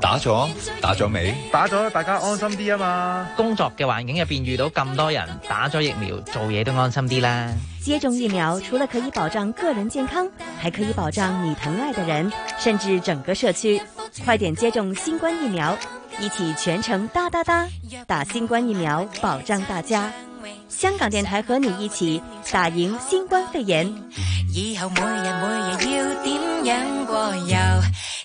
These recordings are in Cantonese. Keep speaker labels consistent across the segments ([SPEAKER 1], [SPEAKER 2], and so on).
[SPEAKER 1] 打咗打咗未？打咗，大家安心啲啊嘛！工作嘅環境入邊遇到咁多人打咗疫苗，做嘢都安心啲啦。
[SPEAKER 2] 接種疫苗除了可以保障個人健康，還可以保障你疼愛的人，甚至整個社區。快點接種新冠疫苗，一起全程打打打打新冠疫苗，保障大家。香港電台和你一起打贏新冠肺炎。
[SPEAKER 3] 以後
[SPEAKER 2] 每日每
[SPEAKER 3] 日要
[SPEAKER 4] 點樣過遊？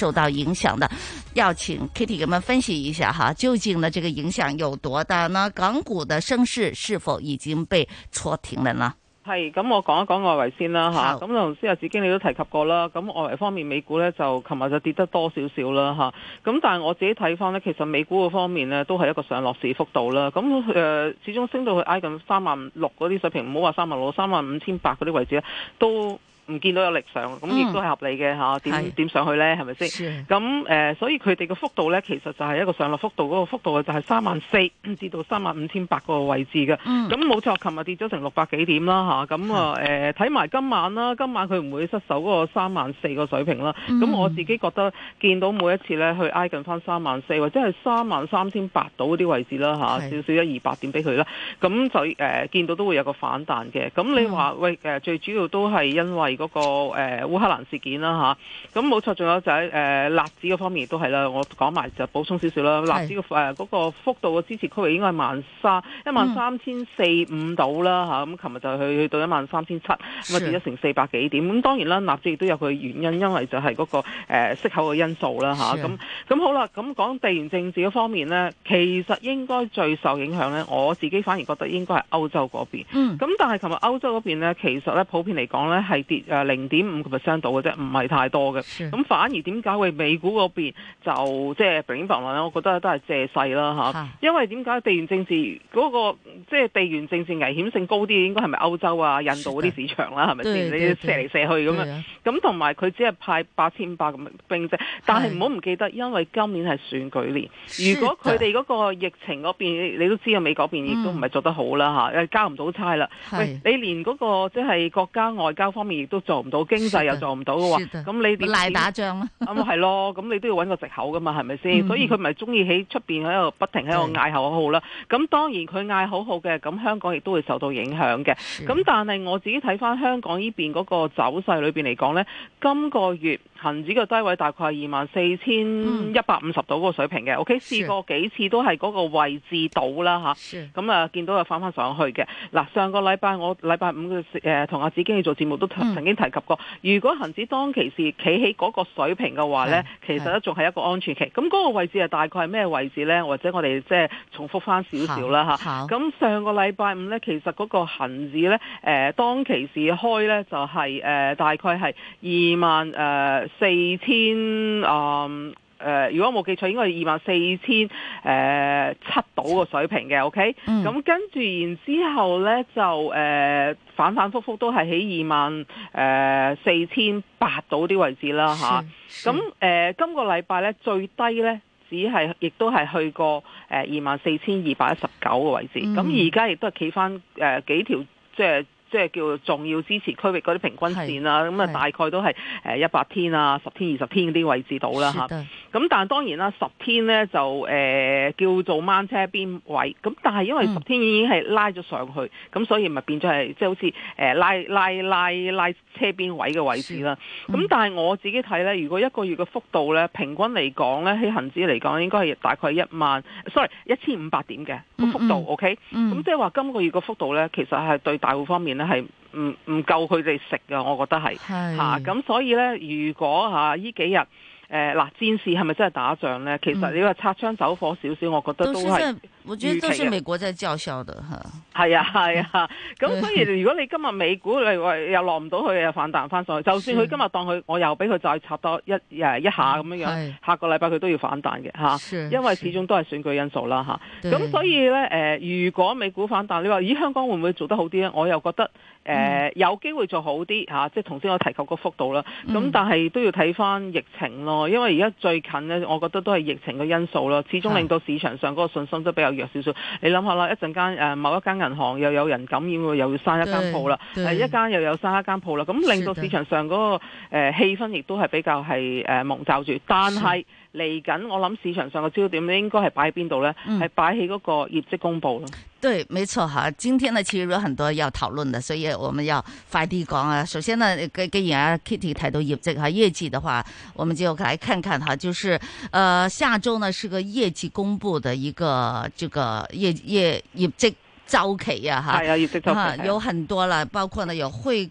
[SPEAKER 5] 受到影響嘅，要請 Kitty 咁樣分析一下哈，究竟呢這個影響有多大呢？呢港股嘅升勢是否已經被錯停了呢？
[SPEAKER 6] 係，咁我講一講外圍先啦吓，咁好同師姐子矜你都提及過啦，咁外圍方面美股咧就琴日就跌得多少少啦吓，咁但係我自己睇翻呢，其實美股方面呢，都係一個上落市幅度啦，咁誒、呃、始終升到去挨近三萬六嗰啲水平，唔好話三萬六、三萬五千八嗰啲位置都。唔見到有力上，咁亦都係合理嘅嚇。點點是上去呢？係咪先？咁誒是、呃，所以佢哋嘅幅度呢，其實就係一個上落幅度嗰，那個幅度就係三萬四跌到三萬五千八個位置嘅。咁冇、嗯、錯，琴日跌咗成六百幾點啦吓，咁啊誒，睇、啊、埋是、呃、今晚啦，今晚佢唔會失守嗰個三萬四個水平啦。咁、嗯、我自己覺得見到每一次呢，去挨近翻三萬四或者係三萬三千八度嗰啲位置啦吓，啊、是少少一二百點俾佢啦。咁就誒見到都會有個反彈嘅。咁你話喂誒，最主要都係因為。嗰、那個誒、呃、烏克蘭事件啦吓，咁、啊、冇錯，仲有就喺誒、呃、納指方面都係啦，我講埋就補充少少啦。是納指嘅嗰個幅度嘅支持區域應該係萬三一萬三千四五度啦吓，咁琴、啊嗯、日就去去到一萬三千七，咁啊跌咗成四百幾點。咁是當然啦，納指亦都有佢原因，因為就係嗰、那個誒、呃、息口嘅因素啦吓，咁、啊、咁、啊、是好啦，咁講地緣政治嘅方面呢，其實應該最受影響呢。我自己反而覺得應該係歐洲嗰邊。咁、嗯、但係琴日歐洲嗰邊咧，其實呢，普遍嚟講呢，係跌。零點五個 percent 到嘅啫，唔係太多嘅。咁是反而點解會美股嗰邊就即係、就是、我覺得都係借勢啦是因為點解地緣政治嗰、那個即係、就是、地緣政治危險性高啲，應該係咪歐洲啊、印度嗰啲市場啦？係咪先？你射嚟射去咁樣？咁同埋佢只係派八千八咁兵啫。是但係唔好唔記得，因為今年係選舉年。的如果佢哋嗰個疫情嗰邊，你都知啊，美國嗰邊亦都唔係做得好啦嚇、嗯啊，交唔到差啦是。你連嗰、那個即係、就是、國家外交方面。都做唔到經濟又做唔到嘅話，咁你點？賴打仗咯，係咯，咁你都要揾個藉口嘅嘛，係咪先？所以佢咪鍾意喺出邊喺度不停喺度嗌口號啦。咁當然佢嗌口號嘅，咁香港亦都會受到影響嘅。咁但係我自己睇翻香港呢邊嗰個走勢裏邊嚟講呢，今個月。恒指嘅低位大概係二萬四千一百五十度嗰個水平嘅，OK 試過幾次都係嗰個位置度啦吓，咁啊，見到又翻翻上去嘅。嗱、啊，上個禮拜我禮拜五嘅誒同阿子矜去做節目都曾經提及過，嗯、如果恒指當其時企喺嗰個水平嘅話咧，是其實咧仲係一個安全期。咁嗰個位置係大概係咩位置咧？或者我哋即係重複翻少少啦吓，咁、啊、上個禮拜五咧，其實嗰個恆指咧誒當其時、就是開咧就係誒大概係二萬誒。呃四千啊，誒、嗯呃，如果冇記錯，應該係二萬四千、呃、七度嘅水平嘅，OK、嗯。咁跟住然之後呢，就誒、呃、反反覆覆都係喺二萬、呃、四千八度啲位置啦，吓，咁誒、啊呃、今個禮拜呢，最低呢，只係亦都係去過、呃、二萬四千二百一十九個位置，咁而家亦都係企翻幾條即係。即係叫做重要支持區域嗰啲平均線啦，咁啊大概都係誒一百天啊、十天、二十天嗰啲位置到啦吓，咁是的 但係當然啦，十天咧就誒、呃、叫做掹車邊位，咁但係因為十天已經係拉咗上去，咁、嗯、所以咪變咗係即係好似誒拉拉拉拉車邊位嘅位置啦。咁、嗯、但係我自己睇咧，如果一個月嘅幅度咧，平均嚟講咧，喺恆指嚟講應該係大概一萬，sorry 一千五百點嘅、嗯嗯、幅度，OK？咁、嗯嗯、即係話今個月嘅幅度咧，其實係對大戶方面。係唔唔夠佢哋食噶，我覺得係吓，咁所以咧，如果吓、啊、依幾日。誒嗱，戰事係咪真係打仗咧？其實你話擦槍走火少少，我覺得都係。我覺得都係美國在叫囂的嚇。係啊，係啊，咁所以如果你今日美股你話又落唔到去，又反彈翻上去，就算佢今日當佢，我又俾佢再插多一一下咁樣樣，下個禮拜佢都要反彈嘅嚇。因為始終都係選舉因素啦嚇。咁所以咧誒，如果美股反彈，你話咦香港會唔會做得好啲咧？我又覺得誒有機會做好啲嚇，即係頭先我提及個幅度啦。咁但係都要睇翻疫情咯。因為而家最近呢，我覺得都係疫情嘅因素咯，始終令到市場上嗰個信心都比較弱少少。你諗下啦，一陣間誒某一間銀行又有人感染喎，又要閂一間鋪啦，另一間又有閂一間鋪啦，咁令到市場上嗰個誒氣氛亦都係比較係誒、呃、蒙罩住，但係。是嚟緊我諗市場上嘅焦點應該係擺喺邊度咧？係、嗯、擺喺嗰個業績公布咯。
[SPEAKER 5] 對，沒錯吓，今天呢其實有很多要討論嘅，所以我們要快啲講啊。首先呢，跟跟阿 Kitty 睇到業績，即係業績嘅話，我們就來看看哈，就是，呃，下周呢是個業績公布嘅一個，這個業業業績周期啊，嗯、哈，係啊，業績周期，有很多啦，包括呢有會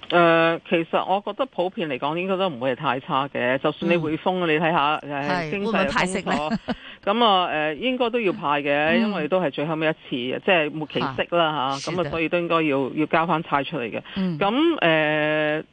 [SPEAKER 6] 誒、呃，其實我覺得普遍嚟講應該都唔會係太差嘅，就算你匯豐，嗯、你睇下誒經濟封咗，咁啊誒應該都要派嘅，嗯、因為都係最後尾一次，即、就、係、是、末期息啦嚇，咁啊，啊所以都應該要要交翻差出嚟嘅。咁誒、嗯呃，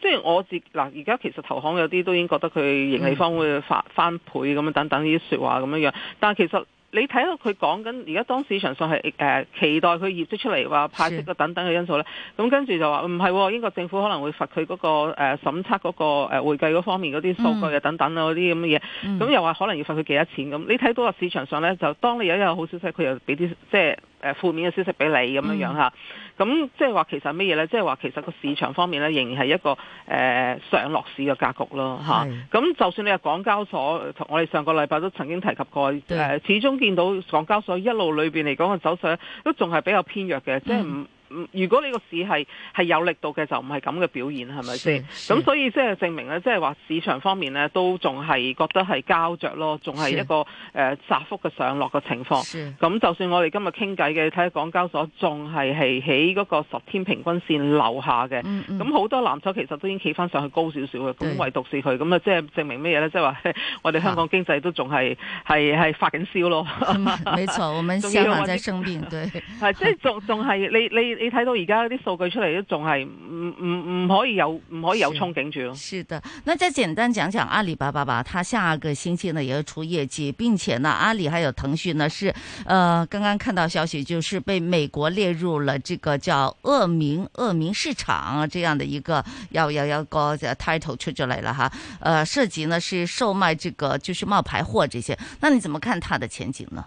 [SPEAKER 6] 即係我自己嗱，而、呃、家其實投行有啲都已經覺得佢盈利方會發翻倍咁樣等等呢啲説話咁樣樣，但係其實。你睇到佢講緊，而家當市場上係誒、呃、期待佢業績出嚟，話派息嘅等等嘅因素咧，咁跟住就話唔係喎，英國政府可能會罰佢嗰個誒審測嗰個誒會計嗰方面嗰啲數據啊等等啦嗰啲咁嘅嘢，咁、嗯、又話可能要罰佢幾多錢咁，嗯、你睇到個市場上咧，就當你有一個好消息，佢又俾啲即係。誒負面嘅消息俾你咁樣樣嚇，咁即係話其實乜嘢呢？即係話其實個市場方面呢，仍然係一個誒、呃、上落市嘅格局咯嚇。咁是就算你係港交所，同我哋上個禮拜都曾經提及過，誒對、呃、始終見到港交所一路裏邊嚟講嘅走勢都仲係比較偏弱嘅，嗯、即係唔。如果你個市係係有力度嘅，就唔係咁嘅表現，係咪先？咁所以即係證明咧，即係話市場方面咧，都仲係覺得係膠着咯，仲係一個誒窄是、呃、幅嘅上落嘅情況。咁是就算我哋今日傾偈嘅，睇下港交所仲係係喺嗰個十天平均線樓下嘅。咁好、嗯嗯、多藍籌其實都已經企翻上去高少少嘅。咁對唯獨是佢，咁啊即係證明咩嘢咧？即係話我哋香港經濟都仲係係係發緊燒咯。冇錯，我們先在生病，係即係仲仲係你你。你你睇到而家啲數據出嚟都仲係唔唔唔可以有唔可以有憧憬住咯。是的，那再簡單講講
[SPEAKER 5] 阿里巴巴吧，它下個星期呢也要出業績，並且呢，阿里還有騰訊呢，是，呃，剛剛看到消息，就是被美國列入了這個叫惡名惡名市場這樣的，一個要要要個 title 出咗嚟啦，哈，呃，涉及呢是售賣這個就是冒牌貨這些，那你怎麼看它的前景呢？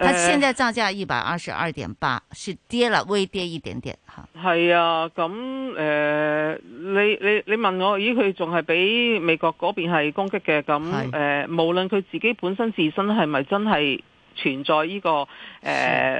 [SPEAKER 5] 佢現在造價一百二十二點八，是跌了微跌一點點，哈。
[SPEAKER 6] 係啊，咁誒、呃，你你你問我，咦，佢仲係俾美國嗰邊係攻擊嘅，咁誒是、呃，無論佢自己本身自身係咪真係？存在呢、呢個誒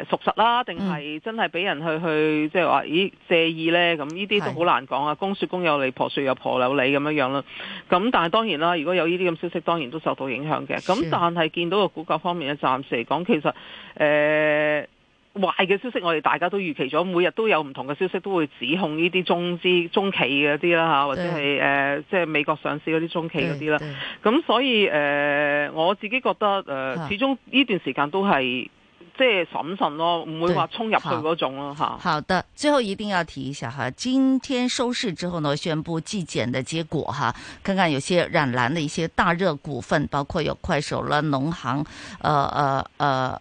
[SPEAKER 6] 屬實啦，定係真係俾人去、嗯、去即係話咦借意呢？咁呢啲都好難講啊！是公説公有理，婆說有婆理，婆説有婆有理咁樣樣啦。咁但係當然啦，如果有呢啲咁消息，當然都受到影響嘅。咁是但係見到個股價方面咧，暫時嚟講其實誒。呃壞嘅消息，我哋大家都預期咗，每日都有唔同嘅消息，都會指控呢啲中資中企嗰啲啦吓，或者係誒對、呃，即係美國上市嗰啲中企嗰啲啦。咁、嗯、所以誒、呃，我自己覺得誒、呃，始終呢段時間都係即係審慎咯，唔會話衝入去嗰種咯吓。好
[SPEAKER 5] 的，最後一定要提一下哈，今天收市之後呢，宣布季檢的結果哈，看看有些染藍嘅一些大熱股份，包括有快手啦、農行、誒誒誒。呃呃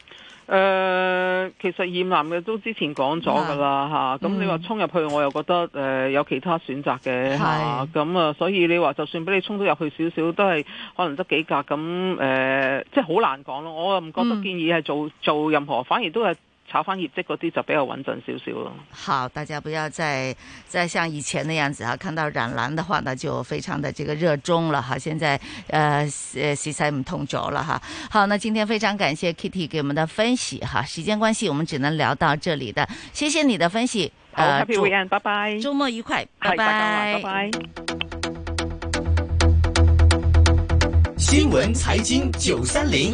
[SPEAKER 6] 誒、呃，其實二男嘅都之前講咗噶啦嚇，咁的、啊、你話衝入去，嗯、我又覺得誒、呃、有其他選擇嘅嚇，咁的啊，啊，所以你話就算俾你衝到入去少少，都係可能得幾格，咁誒、呃，即係好難講咯。我又唔覺得建議係做做任何，反而都係。炒翻業績嗰啲就比較穩陣少少
[SPEAKER 5] 咯。好，大家不要再再像以前那樣子啊！看到染藍的話呢，呢就非常的這個熱衷了哈。現在，呃，呃，CM 通咗了哈。好，那今天非常感謝 Kitty 給我們的分析哈。時間關係，我們只能聊到這裡的。謝謝你的分析。好，happy weekend，拜拜。周末愉快，拜拜。拜拜。Bye bye
[SPEAKER 7] 新聞財經九三零。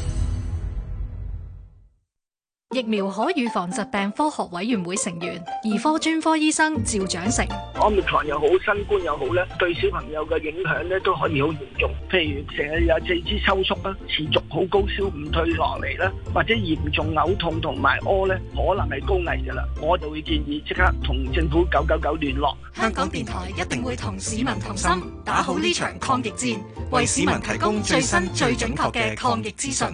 [SPEAKER 4] 疫苗可預防疾病科學委員會成員、兒科專科醫生趙長成
[SPEAKER 7] ，Omicron 又好，新冠又好咧，對小朋友嘅影響咧都可以好嚴重。譬如成日
[SPEAKER 8] 有四肢抽搐啦，持續好高燒唔退落嚟啦，或者嚴重嘔痛同埋屙咧，可能係高危噶啦，我就會建議即刻同政府九九九聯絡。
[SPEAKER 4] 香港電台一定會同市民同心，打好呢場抗疫戰，為市民提供最新最準確嘅抗疫資訊。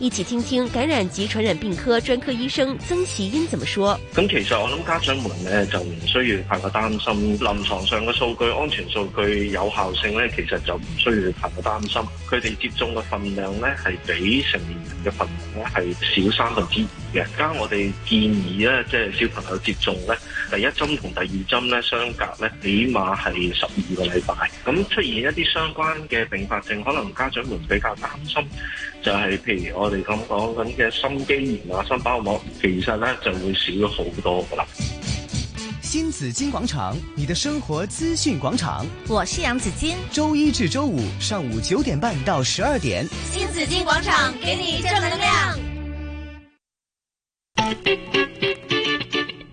[SPEAKER 9] 一起聽聽感染及傳染病科專科醫生曾其
[SPEAKER 1] 英怎麼說。咁其實我諗家長們咧就唔需要太過擔心，臨床上嘅數據、安全數據、有效性咧，其實就唔需要太過擔心。佢哋接種嘅份量咧係比成年人嘅份量咧係少三分之二嘅。加我哋建議咧，即係小朋友接種咧，第一針同第二針咧相隔咧起碼係十二個禮拜。咁出現一啲相關嘅併發症，可能家長們比較擔心。就係譬如我哋咁講咁嘅心肌炎啊、心包膜，其實咧
[SPEAKER 10] 就會少咗好多噶啦。
[SPEAKER 11] 新紫荊廣場，你的生活資
[SPEAKER 7] 訊廣場，我是楊子矜。周一至周五上午九點半到十二點，
[SPEAKER 2] 新紫荊廣場給你正能量。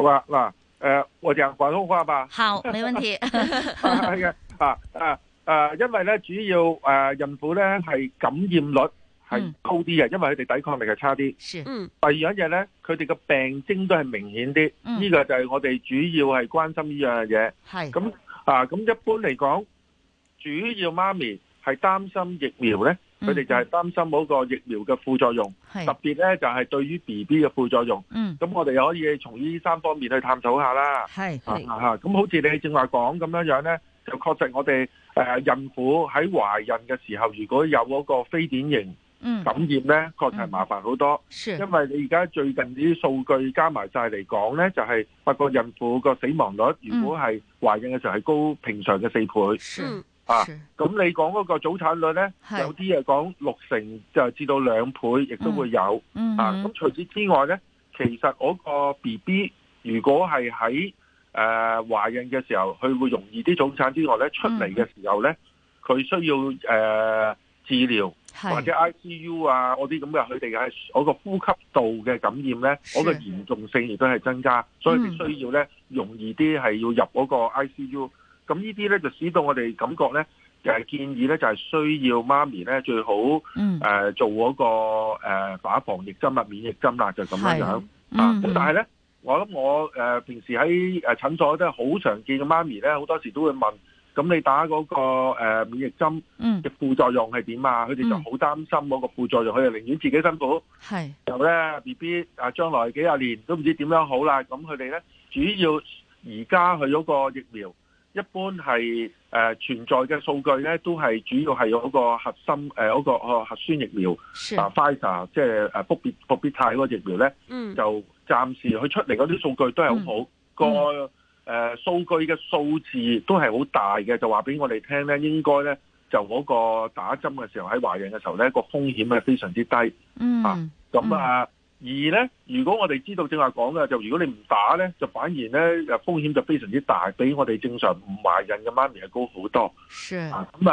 [SPEAKER 8] 好啦嗱，誒，我哋廣東話吧。好，沒問題。係嘅，啊啊啊，因為咧，主要誒孕婦咧，係感染率係高啲嘅，因為佢哋抵抗力係差啲。是。嗯。第二樣嘢咧，佢哋嘅病徵都係明顯啲。嗯。呢個就係我哋主要係關心呢樣嘢。係。咁啊，咁一般嚟講，主要媽咪係擔心疫苗咧。佢哋就係擔心嗰個疫苗嘅副作用，是特別咧就係對於 BB 嘅副作用。咁、嗯、我哋可以從呢三方面去探索一下啦。咁、啊、好似你正話講咁樣樣咧，就確實我哋誒、呃、孕婦喺懷孕嘅時候如果有嗰個非典型感染咧，嗯、確實係麻煩好多。是因為你而家最近啲數據加埋晒嚟講咧，就係發覺孕婦個死亡率，如果係懷孕嘅時候係高平常嘅四倍。啊，咁你講嗰個早產率咧，是有啲係講六成就至到兩倍，亦都會有。嗯嗯嗯、啊，咁除此之外咧，其實嗰個 B B 如果係喺誒懷孕嘅時候，佢會容易啲早產之外咧，出嚟嘅時候咧，佢、嗯、需要誒、呃、治療是或者 I C U 啊，嗰啲咁嘅佢哋嘅嗰個呼吸道嘅感染咧，嗰是個嚴重性亦都係增加，所以需要咧、嗯、容易啲係要入嗰個 I C U。咁呢啲咧就使到我哋感覺咧，誒建議咧就係需要媽咪咧最好誒、嗯呃、做嗰、那個誒、呃、打防疫針啦、免疫針啦，就咁、是、樣、嗯嗯、啊。咁但係咧，我諗我誒、呃、平時喺誒診所都係好常見嘅媽咪咧，好多時都會問：咁你打嗰、那個、呃、免疫針嘅副作用係點啊？佢哋、嗯、就好擔心嗰個副作用，佢哋寧願自己辛苦，又咧 B B 啊，寶寶將來幾廿年都唔知點樣好啦。咁佢哋咧主要而家去嗰個疫苗。一般係、呃、存在嘅數據咧，都係主要係有個核心誒嗰、呃那個核酸疫苗，是啊，Pfizer 即係誒復必復必泰嗰個疫苗咧，嗯、就暫時佢出嚟嗰啲數據都係好，嗯那個誒、呃、數據嘅數字都係好大嘅，就話俾我哋聽咧，應該咧就嗰個打針嘅時候喺懷孕嘅時候咧，那個風險係非常之低，
[SPEAKER 12] 嗯、
[SPEAKER 8] 啊，咁啊。嗯而咧，如果我哋知道正話講嘅，就如果你唔打咧，就反而咧，誒風險就非常之大，比我哋正常唔懷孕嘅媽咪高好多。咁是啊，咁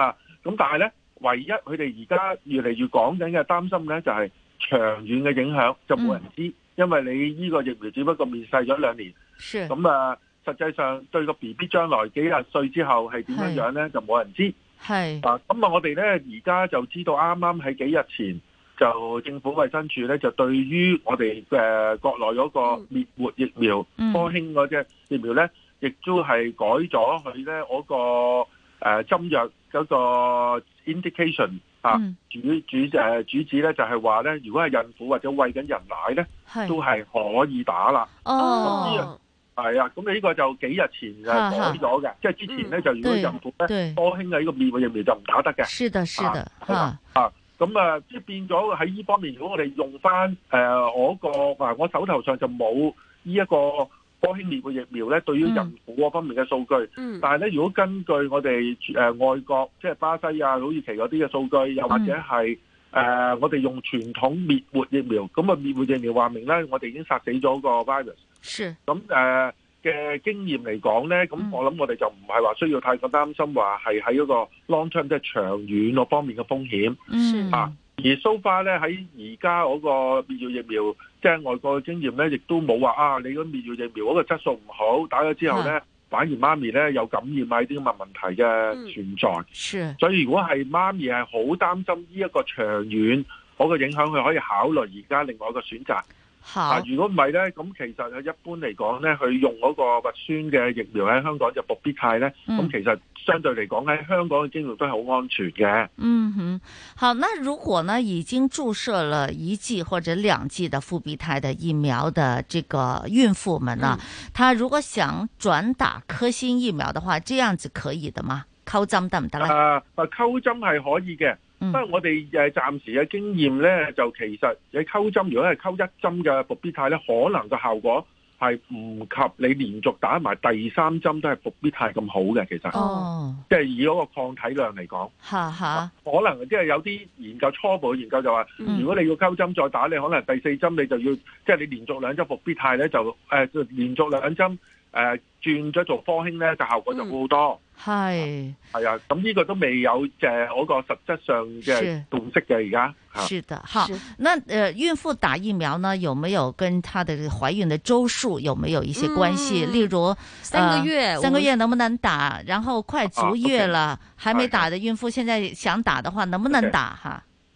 [SPEAKER 8] 但係咧，唯一佢哋而家越嚟越講緊嘅擔心咧，就係、是、長遠嘅影響就冇人知，嗯、因為你呢個疫苗只不過面世咗兩年。咁是啊，實際上對個 BB 將來幾廿歲之後係點樣樣咧，是就冇人知。係是。啊，咁啊，我哋咧而家就知道啱啱喺幾日前。就政府衛生署咧，就對於我哋誒國內嗰個滅活疫苗科興嗰隻疫苗咧，亦都係改咗佢咧嗰個誒針藥嗰個 indication 啊，主主誒主旨咧就係話咧，如果係孕婦或者餵緊人奶咧，都係可以打啦。哦，係啊，咁你呢個就幾日前改咗嘅，即係之前咧就如果孕婦咧科興嘅呢個滅活疫苗就唔打得嘅。
[SPEAKER 5] 係嘅，係
[SPEAKER 12] 嘅，
[SPEAKER 8] 啊。咁啊，即係變咗喺呢方面，如果我哋用翻誒、呃，我個我手頭上就冇呢一個科興滅活疫苗咧，對於人股嗰方面嘅數據。嗯、但係咧，如果根據我哋誒外國，即係巴西啊、土耳其嗰啲嘅數據，又或者係誒、嗯呃、我哋用傳統滅活疫苗，咁啊滅活疫苗話明咧，我哋已經殺死咗個 virus 是。咁誒。呃嘅經驗嚟講咧，咁我諗我哋就唔係話需要太過擔心，話係喺一個 long term 即係長遠嗰、就是、方面嘅風險。嗯是、啊 so 就是，啊，而 so far 咧喺而家嗰個滅活疫苗，即係外國嘅經驗咧，亦都冇話啊，你嗰個滅活疫苗嗰個質素唔好，打咗之後咧，是反而媽咪咧有感染啊啲咁嘅問題嘅存在。是所以如果係媽咪係好擔心呢一個長遠嗰個影響，佢可以考慮而家另外一個選擇。好啊！如果唔係咧，咁其實啊，一般嚟講咧，佢用嗰個核酸嘅疫苗喺香港就復必泰咧，咁、嗯、其實相對嚟講喺香港嘅經驗都係好安全嘅。嗯
[SPEAKER 5] 哼，好。那如果呢已經注射了一劑或者兩劑的復必泰嘅疫苗的這個孕婦們啊，她、嗯、如果想轉打科興疫苗的話，這樣子可以的嗎？溝針得唔得？啦。啊，
[SPEAKER 8] 啊，溝針係可以嘅。不過我哋誒暫時嘅經驗咧，就其實你溝針，如果係溝一針嘅復必泰咧，可能個效果係唔及你連續打埋第三針都係復必泰咁好嘅，其實。哦。即係以嗰個抗體量嚟講。哈哈，可能即係有啲研究初步嘅研究就話，如果你要溝針再打你可能第四針你就要，即、就、係、是、你連續兩針復必泰咧，就誒、呃、連續兩針誒、呃、轉咗做科興咧，就效果就好多。嗯。
[SPEAKER 12] 係係、
[SPEAKER 8] 哎、啊，咁呢個都未有即係嗰個實質上嘅共識嘅而家。是
[SPEAKER 5] 的，哈。那誒、呃，孕婦打疫苗呢，有沒有跟她的懷孕的周數有沒有一些關係？嗯、例如、呃、三個月，呃、三個月能不能打？然後快足月了，啊、okay, 還沒打的孕婦，現在想打的話，okay, 能不能打？哈、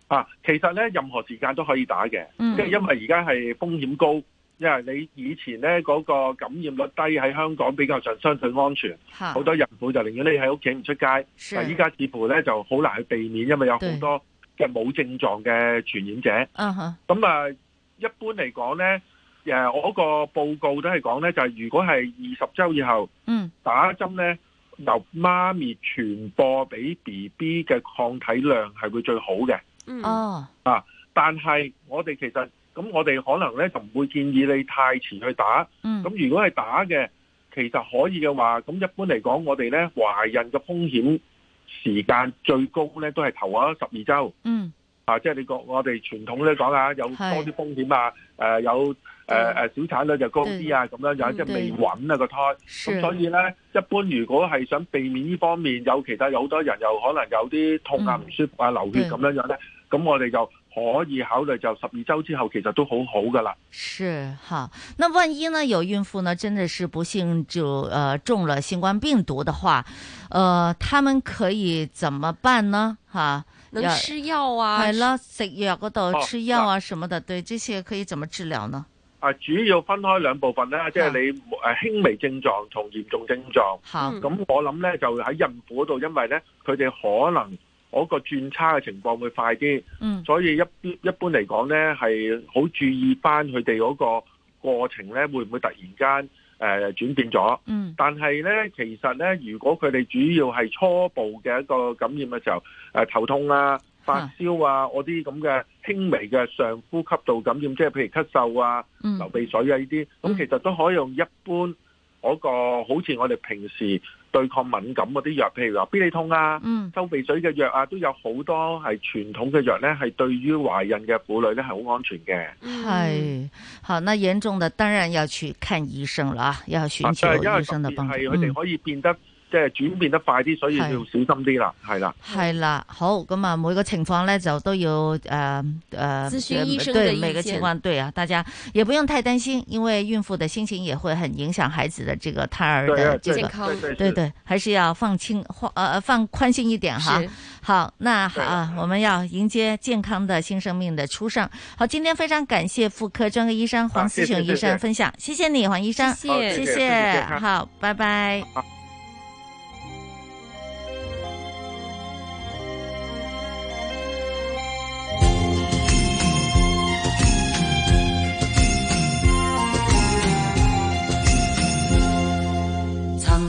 [SPEAKER 8] 啊？啊，其實咧，任何時間都可以打嘅，即係、嗯、因為而家係風險高。因為你以前咧嗰、嗰個感染率低，喺香港比較上相對安全，好哈多孕婦就寧願你喺屋企唔出街。是但依家似乎咧就好難去避免，因為有好多嘅冇對症狀嘅傳染者。咁啊哈，一般嚟講咧，我嗰個報告都係講咧，就係、係、如果係二十週以後，嗯，打針咧由媽咪傳播俾 B B 嘅抗體量係會最好嘅。嗯、啊，但係我哋其實。咁我哋可能咧就唔會建議你太遲去打。咁、嗯、如果係打嘅，其實可以嘅話，咁一般嚟講，我哋咧懷孕嘅風險時間最高咧都係頭嗰十二週。嗯、啊，即、就、係、是、你個我哋傳統咧講下，有多啲風險啊，是呃、有對、呃、小產率就高啲啊，咁樣有即係未穩啊、那個胎。咁對所以咧，的一般如果係想避免呢方面，其有其他有好多人又可能有啲痛啊、唔、嗯、舒服啊、流血咁樣對樣咧，咁我哋就。可以考慮就十二周之後，其實都很好的了好噶啦。
[SPEAKER 5] 是哈，那萬一呢有孕婦呢，真的是不幸就呃中了新冠病毒的話，呃他們可以怎麼辦呢？哈、啊，能吃藥啊，係啦是是食藥嗰度吃藥啊，哦、什麼的，對，這些可以怎麼治療呢？
[SPEAKER 8] 啊，主要分開兩部分呢，即、就、係、是、你誒輕微症狀同嚴重症狀。好、嗯，咁我諗呢，就喺孕婦嗰度，因為呢，佢哋可能。我個轉差嘅情況會快啲，嗯、所以一一般嚟講咧係好注意翻佢哋嗰個過程咧，會唔會突然間誒轉變咗？嗯、但係咧，其實咧，如果佢哋主要係初步嘅一個感染嘅時候、啊，頭痛啊、發燒啊，嗰啲咁嘅輕微嘅上呼吸道感染，即係譬如咳嗽啊、嗯、流鼻水啊呢啲，咁其實都可以用一般。嗰、那個好似我哋平時對抗敏感嗰啲藥，譬如話必理痛啊、收鼻水嘅藥啊，都有好多係傳統嘅藥咧，係對於懷孕嘅婦女咧係好安全嘅。係，
[SPEAKER 5] 好，那嚴重嘅當然要去看醫生啦，要尋求醫生嘅幫助。係佢哋可
[SPEAKER 8] 以變得、嗯。即係轉變得快啲，所以要
[SPEAKER 5] 小心啲啦，係啦。係啦，好咁啊，每個情況呢就都要呃呃諮詢醫生每個情況，對啊，大家也不用太擔心，因為孕婦的心情也會很影響孩子的這個胎兒的健康，對對，還是要放輕或呃放寬心一點哈。好，那好，我們要迎接健康的新生命的出生。好，今天非常感謝婦科專科醫生黃斯雄醫生分享，謝謝你黃醫生，謝謝謝，好，拜
[SPEAKER 13] 拜。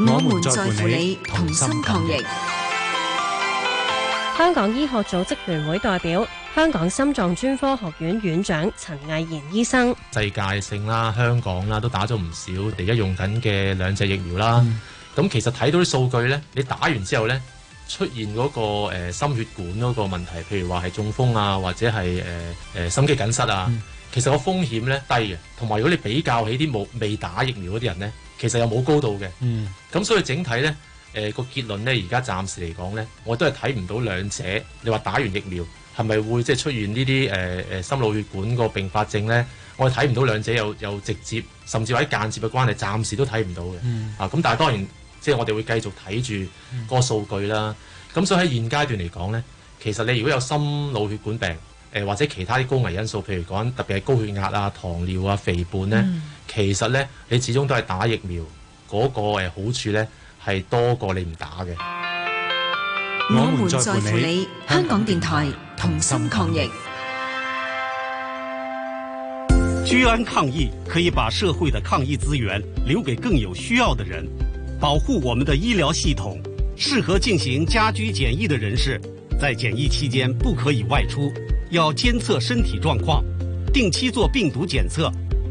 [SPEAKER 11] 我們在乎你同心抗
[SPEAKER 2] 疫。香港醫學組織聯會代表、香港心臟專科學院院長陳毅賢
[SPEAKER 13] 醫生，
[SPEAKER 1] 世界性啦、香港啦都打咗唔少，而家用緊嘅兩隻疫苗啦，咁、嗯、其實睇到啲數據咧，你打完之後咧，出現嗰個誒心血管嗰個問題，譬如話係中風啊，或者係誒誒心肌梗塞啊，嗯、其實個風險咧低嘅，同埋如果你比較起啲冇未打疫苗嗰啲人咧。其實又冇高度嘅，咁、嗯、所以整體咧，誒、呃個結論咧，而家暫時嚟講咧，我都係睇唔到兩者。你話打完疫苗係咪會即係出現呢啲誒誒心腦血管個併發症咧？我哋睇唔到兩者有有直接，甚至話係間接嘅關係，暫時都睇唔到嘅。嗯、啊，咁但係當然，即係我哋會繼續睇住個數據啦。咁、嗯、所以喺現階段嚟講咧，其實你如果有心腦血管病，誒、呃、或者其他啲高危因素，譬如講特別係高血壓啊、糖尿啊、肥胖咧。嗯其實呢你始終都係打疫苗，嗰個好處呢係多過你唔打嘅。我們在乎你，
[SPEAKER 9] 香港電台同心抗疫。
[SPEAKER 7] 居安抗疫，可以把社會的抗疫資源留給更有需要的人，保護我們的醫療系統。適合進行家居檢疫的人士，在檢疫期間不可以外出，要監測身體狀況，定期做病毒檢測。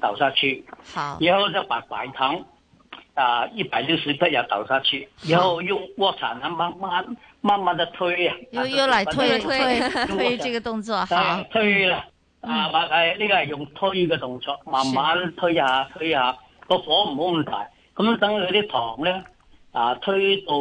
[SPEAKER 14] 倒下去，然後就把白糖，啊一百六十克又倒下去，然後用鍋鏟啊慢慢慢慢的推啊，又又來推推推這個動作，推啦，啊，係呢個係用推嘅動作，慢慢推下推下，個火唔好咁大，咁等佢啲糖咧，啊推到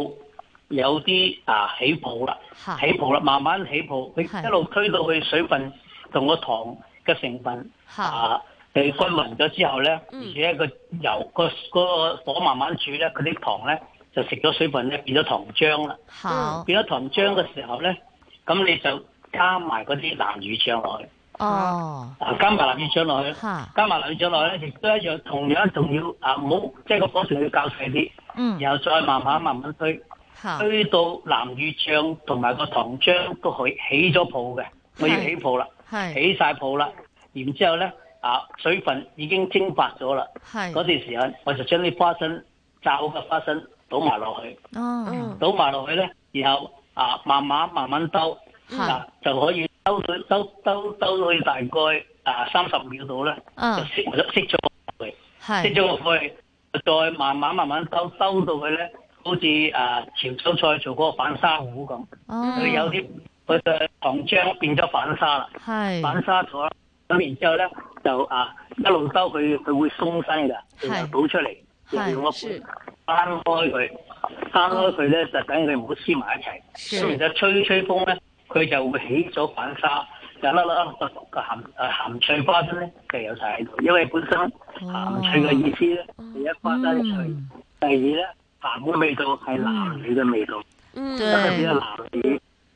[SPEAKER 14] 有啲啊起泡啦，起泡啦，慢慢起泡，你一路推到去水分同個糖嘅成分啊。誒，均匀咗之後咧，而且個油個、嗰個火慢慢煮咧，佢啲糖咧就食咗水分咧，好變咗糖漿啦。
[SPEAKER 12] 好變
[SPEAKER 14] 咗糖漿嘅時候咧，咁你就加埋嗰啲南乳醬落去。哦，oh. 加埋南乳醬落去, Ha. 去。加埋南乳醬落去咧，亦都一樣，同樣仲要啊，唔好即係個火候要較細啲。嗯。然後再慢慢慢慢堆，堆、嗯、到南乳醬同埋個糖漿都可起起咗泡嘅，我是要起泡啦，是起晒泡啦，然之後咧。啊，水分已經蒸發咗啦。係嗰是段時間，我就將啲花生炸好嘅花生倒埋落去。哦，倒埋落去咧，然後啊，慢慢慢慢收，
[SPEAKER 12] 嗱是、啊、
[SPEAKER 14] 就可以收佢收收收到去大概啊三十秒度咧，就熄咗熄咗落去。熄咗落去，再慢慢慢慢收，收到佢咧，好似啊潮州菜做嗰個反沙芋咁。佢、哦、有啲佢嘅糖漿變咗反沙啦。係反是沙咗。咁然之後咧，就啊一路收佢，佢會鬆身噶倒出嚟，是用一是翻開佢，翻開佢咧就等佢唔好黐埋一齊。咁而家吹吹風咧，佢就會起咗反沙，就粒粒個鹹誒鹹脆花生咧就有晒喺度。因為本身
[SPEAKER 12] 鹹脆嘅意思咧，嗯、第一花生脆，
[SPEAKER 14] 第二咧鹹嘅味道係南乳嘅味道，
[SPEAKER 12] 特別南
[SPEAKER 14] 乳。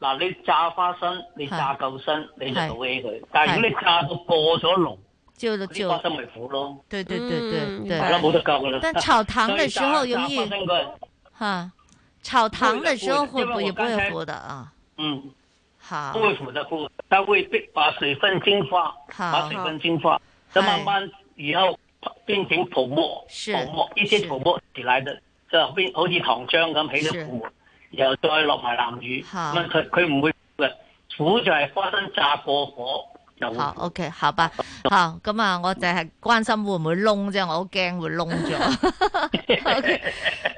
[SPEAKER 14] 嗱，你炸花生，你炸夠生，你就好起佢。但係如果你炸到過咗龍，就啲花生咪苦咯。對對對對對，而家冇得救噶啦。但炒糖
[SPEAKER 5] 的時候，由於哈炒糖的時候會不會不苦的
[SPEAKER 14] 啊？嗯，好。不會苦得苦，它會逼把水分蒸發，把水分蒸發。咁慢慢以後變成泡沫，泡沫一些泡沫起來的，就變好似糖漿咁起咗泡沫。又再落埋南乳，佢佢唔會苦，就係花生炸過火
[SPEAKER 12] 就。好
[SPEAKER 5] OK，好吧，好咁啊，我就係關心會唔會㶶啫，我好驚會㶶咗。OK，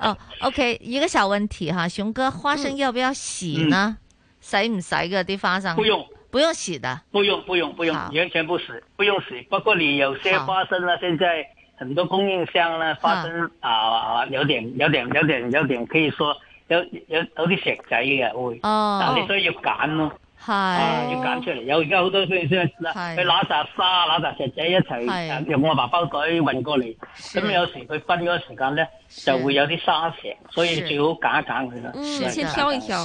[SPEAKER 5] 哦，OK，一個小問題哈，熊哥花生要不要洗呢？洗唔洗嘅啲花生？不用，
[SPEAKER 14] 不用洗的。不用，不用，不用，完全不洗，不用洗。不過你有些花生啦，現在很多供應商呢花生啊有點，有點，有點，有點可以說。有有有啲石仔嘅會，但係你需要揀咯，
[SPEAKER 12] 係要揀
[SPEAKER 14] 出嚟。有而家好多雖然雖佢攋扎沙攋扎石仔一齊，用我麻包袋運過嚟，咁有時佢分嗰個時間咧，就會有啲沙石，所以最好揀一揀佢啦，先一挑一挑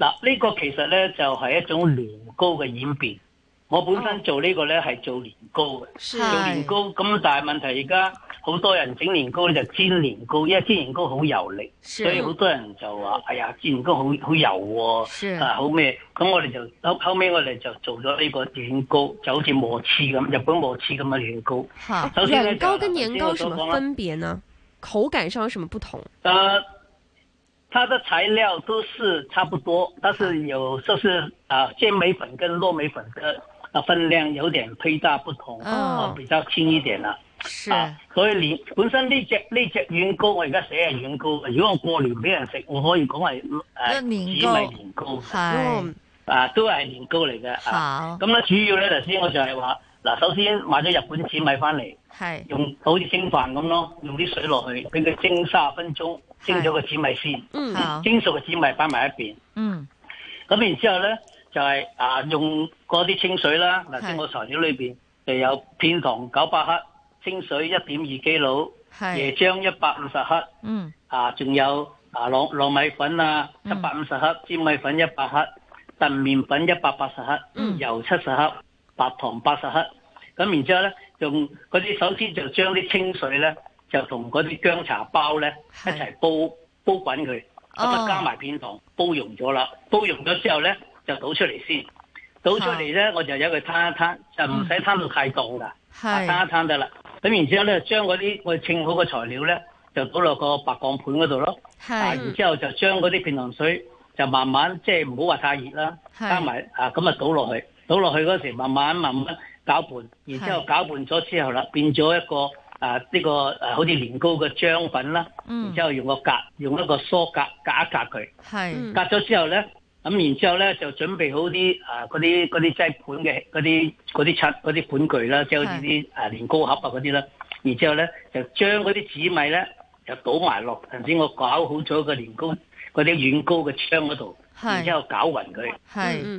[SPEAKER 14] 嗱，呢個其實咧就係一種年糕嘅演變。我本身做呢個咧係做年糕嘅，是做年糕咁，但係問題而家好多人整年糕咧就煎年糕，因為煎年糕好油膩，是所以好多人就話：哎呀，煎年糕好好油、哦，是啊好咩？咁我哋就後後尾我哋就做咗呢個軟糕，就好似麻糬咁，日本麻糬咁嘅軟糕。軟哈、就是、糕跟年糕什麼分
[SPEAKER 9] 別呢？口感上有什麼不同？
[SPEAKER 14] 得、嗯。它的材料都是差不多，但是有就是啊，粘米粉跟糯米粉的啊分量有點太大不同，哦、啊比較輕一點啦、啊。是啊，所以呢，本身呢隻呢隻軟糕，我而家寫係軟糕。如果我過年俾人食，我可以講係誒紫米年糕，係啊都係年糕嚟嘅。啊，咁咧主要咧，頭先我就係話。嗱，首先買咗日本紫米翻嚟，是用好似蒸飯咁咯，用啲水落去，俾佢蒸三十分鐘，是蒸咗個紫米先，嗯、蒸熟嘅紫米擺埋一邊。咁、嗯、然之後咧，就係、是、啊用嗰啲清水啦，嗱是，先我材料裏邊，就有片糖九百克，清水一點二基佬，是椰漿一百五十克，
[SPEAKER 12] 嗯、
[SPEAKER 14] 啊仲有啊糯米粉啊一百五十克，粘、嗯、米粉一百克，燉麵粉一百八十克，嗯、油七十克。白糖八十克，咁然之後咧，用嗰啲首先就將啲清水咧，就同嗰啲薑茶包咧一齊煲煲滾佢，咁啊的、哦、加埋片糖，煲溶咗啦，煲溶咗之後咧，就倒出嚟先，倒出嚟咧，我就由佢攤一攤，就唔使攤到太凍噶，攤一攤得啦。咁然之後咧，將嗰啲我稱好嘅材料咧，就倒落個白鋼盤嗰度咯，啊，是的 然之後就將嗰啲片糖水就慢慢即係唔好話太熱啦，加埋是的 啊咁啊倒落去。倒落去嗰時，慢慢慢慢攪拌，然之後攪拌咗之後啦，是變咗一個啊呢、呢個啊好似年糕嘅漿粉啦，嗯、然之後用個格，用一個梳格格一格佢，係是，格咗之後咧，咁、嗯、然之後咧就準備好啲啊嗰啲嗰啲製盤嘅嗰啲嗰啲七嗰啲盤具啦，即係好似啲啲年糕盒啊嗰啲啦，是然之後咧就將嗰啲紫米咧就倒埋落頭先我搞好咗個年糕嗰啲軟糕嘅窗嗰度。是然後是之後攪勻佢，攪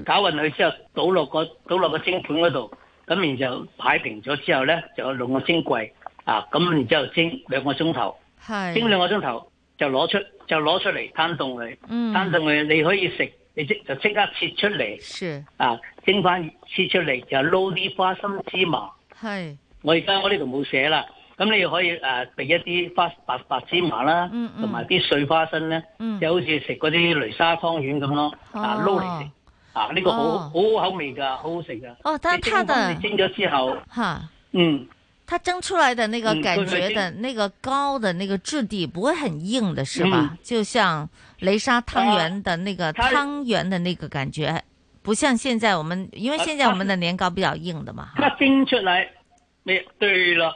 [SPEAKER 14] 勻佢之後倒落個倒落個蒸盤嗰度，咁然就擺平咗之後咧，就有兩個蒸櫃啊，咁然之後蒸兩個鐘頭，
[SPEAKER 12] 是蒸兩個
[SPEAKER 14] 鐘頭就攞出就攞出嚟攤凍佢，嗯、攤凍佢你可以食，你即就即刻切出嚟，是啊蒸翻切出嚟就撈啲花生芝麻，是我而家我呢度冇寫啦。咁你可以誒備一啲花白白芝麻啦，同埋啲碎花生咧，就好似食嗰啲雷沙湯圓咁咯，啊撈嚟食，啊呢個好好口味噶，好好食噶。哦，但係蒸好佢蒸咗之後，
[SPEAKER 5] 吓，嗯，它蒸出來的那個感覺的那個糕的那個質地不會很硬的，是吧？就像雷沙湯圓的那個湯圓的那個感覺，不像現在我們，因為現在我們的年糕比較硬的嘛。
[SPEAKER 14] 它蒸出來，咩？對了。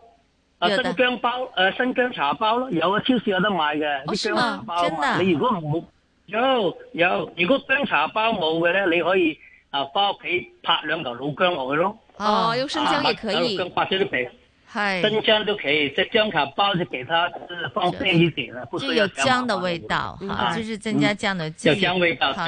[SPEAKER 14] 生薑包，誒生薑茶包咯，有啊，超市有得賣嘅。我知啦，真嘅。你如果冇有有，如果薑茶包冇嘅咧，你可以啊，翻屋企拍兩頭老薑落去咯。哦，用
[SPEAKER 12] 生薑也可以。薑，拍出啲皮。係。生
[SPEAKER 14] 薑啲皮，即係薑茶包就其他，是方便一點啦。就有薑的
[SPEAKER 5] 味道哈，就是增加薑的味。好。